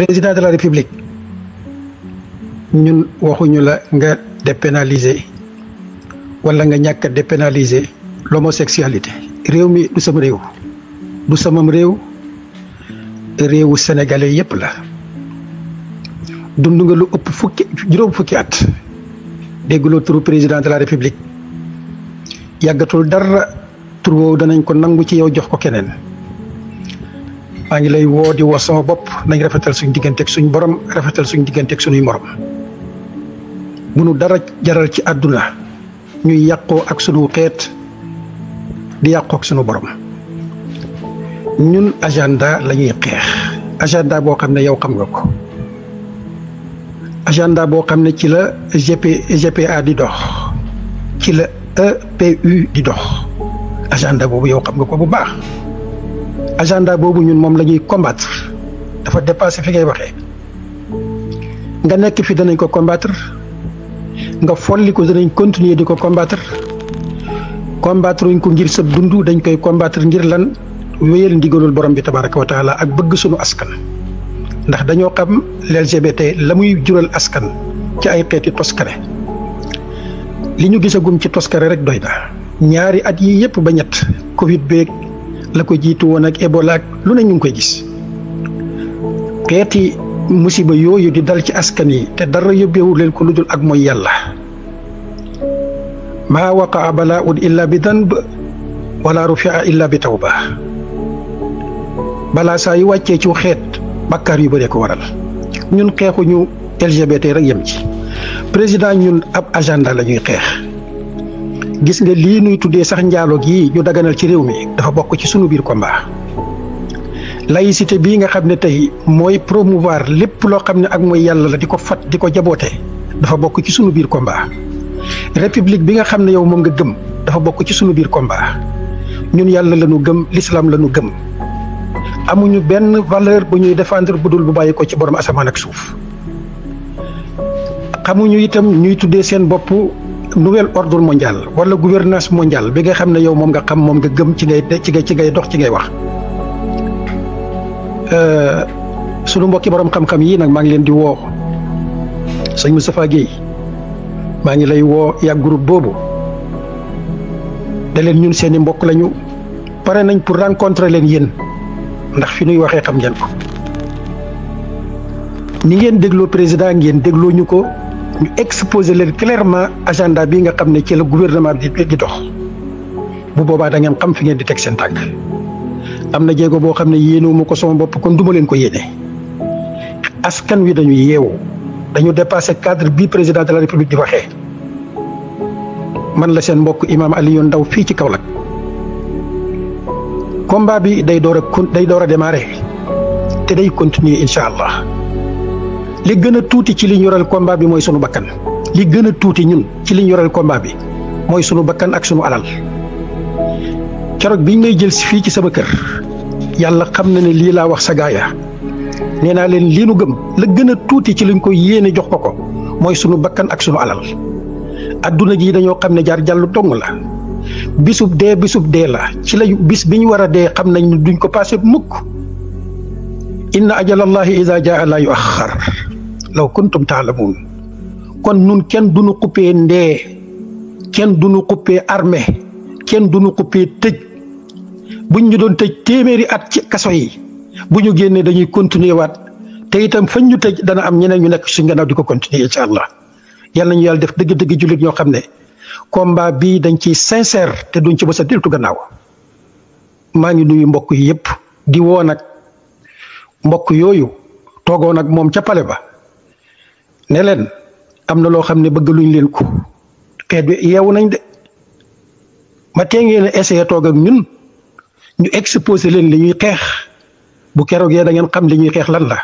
président de la république ñun waxuñu la nga dépénaliser wala nga ñàkk a dépénaliser l'homosexualité réew mi du sama réew du samam réew réewu sénégalais yépp la dund nga lu ëpp fukki juróom fukki at dégguloo turu président de la république yàggatul dara tur woowu danañ ko nangu ci yow jox ko keneen maa ngi lay woo di woo sama bopp nañ rafetal suñ digganteeg suñu borom rafetal suñ digganteeg suñuy morom bu nu dara jaral ci àdduna ñuy yàqoo ak suñu xeet di yàqoo ak sunu borom ñun agenda lañuy ñuy xeex agenda boo xam ne yow xam nga ko agenda boo xam ne ci la GP GPA di dox ci la EPU di dox agenda boobu yow xam nga ko bu baax agenda boobu ñun moom la ñuy combattre dafa dépassé fi ngay waxee nga nekk fi danañ ko combattre nga folli ko danañ continuer di ko combattre combattre wuñ ko ngir sa dund dañ koy combattre ngir lan wéyal ndigalul borom bi tabaraka wa taala ak bëgg sunu askan ndax dañoo xam l'LGBT la muy jural askan ci ay xeeti toskare li ñu gisagum ci toskare rek doy na ñaari at yi yëpp ba ñett Covid beeg la ko jiitu woon ak Ebola lu ne ñu ngi koy gis xeeti musiba yooyu di dal ci askan yi te dara yóbbeewu leen ko lu dul ak mooy yàlla maa waqaa balaaun illaa bi danb fi rufia illaa bi tawba balaa saa yu wàccee ci xeet bakkaar yu bëree ko waral ñun xeexu xeexuñu LGBT rek yem ci président ñun ab agenda la ñuy xeex gis nga lii nuy tuddee sax njaaloo gi ñu daganal ci réew mi dafa bokk ci sunu biir combat laïcité bii nga xam ne tey mooy promouvoir lépp loo xam ne ak mooy yàlla la di ko fat di ko jaboote dafa bokk ci sunu biir combat république bi nga xam ne yow moom nga gëm dafa bokk ci sunu biir combat ñun yàlla la ñu gëm lislaam la ñu gëm amuñu benn valeur bu ñuy défendre bu dul bu bàyyi ko ci borom asamaan ak suuf xamuñu itam ñuy tuddee seen bopp nouvel ordre mondial wala gouvernance mondial bi nga xam ne yow moom nga xam moom nga gëm ci ngay ci ngay ci ngay dox ci ngay wax. Euh, sunu mbokki borom xam-xam yii nag maa ngi leen di woo sëñ Moustapha Guèye maa ngi lay woo yàgg groupe boobu da leen ñun seen i mbokk lañu pare nañ pour rencontrer leen yéen ndax fi nuy waxee xam ngeen ko ni ngeen dégloo président ngeen dégloo ñu ko. ñu exposé leen clairement agenda bi nga xam ne ci la gouvernement bi di dox bu boobaa da ngeen xam fi ngeen di teg seen tànk am na jéego boo xam ne yéenewuma ko sama bopp kon duma leen ko yéene askan wi dañu yeewu dañu dépassé cadre bi président de la république di waxee man la seen mbokk imaam Alioune ndaw fii ci Kaolack combat bi day door a day door a démarrer te day continuer incha allah. li gën a tuuti ci li ñu yoral combat bi mooy sunu bakkan li gën a tuuti ñun ci li ñu yoral combat bi mooy sunu bakkan ak sunu alal keroog biñ may jël si fii ci sama kër yàlla xam na ne lii laa wax sa gaaya nee naa leen lii nu gëm la gën a tuuti ci liñ ko yéene jox ko ko mooy sunu bakkan ak sunu alal adduna ji dañoo xam ne jaar jàll dong la bisub dee bisub dee la ci la bis bi ñu war a dee xam nañ duñ ko passé mukk inna ajalallahi ida jaa la yu axar law kuntum taalamuun kon nun kenn duñu xuppee ndee kenn duñu xuppee armée kenn du nu xuppee tëj buñ ñu doon tëj téeméeri at ci kaso yi bu ñu génnee dañuy continuer waat te itam fañ ñu tëj dana am ñeneen ñu nekk suñ gannaaw di ko continuer incha allah yal yàlla def dëgg-dëgg jullit ñoo xam ne combat bii dañ ciy sincère te duñ ci mës a deltu gannaaw maa ngi nuyu mbokk yi yëpp di woo nag mbokk yooyu toogoon ak moom ca pale ba ne leen am na loo xam ne bëggaluñ leen ko xeet bi yeewu nañ de ma tee ngeen a essayé ñun ñu exposé leen li ñuy xeex bu keroogee yee ngeen xam li ñuy xeex lan la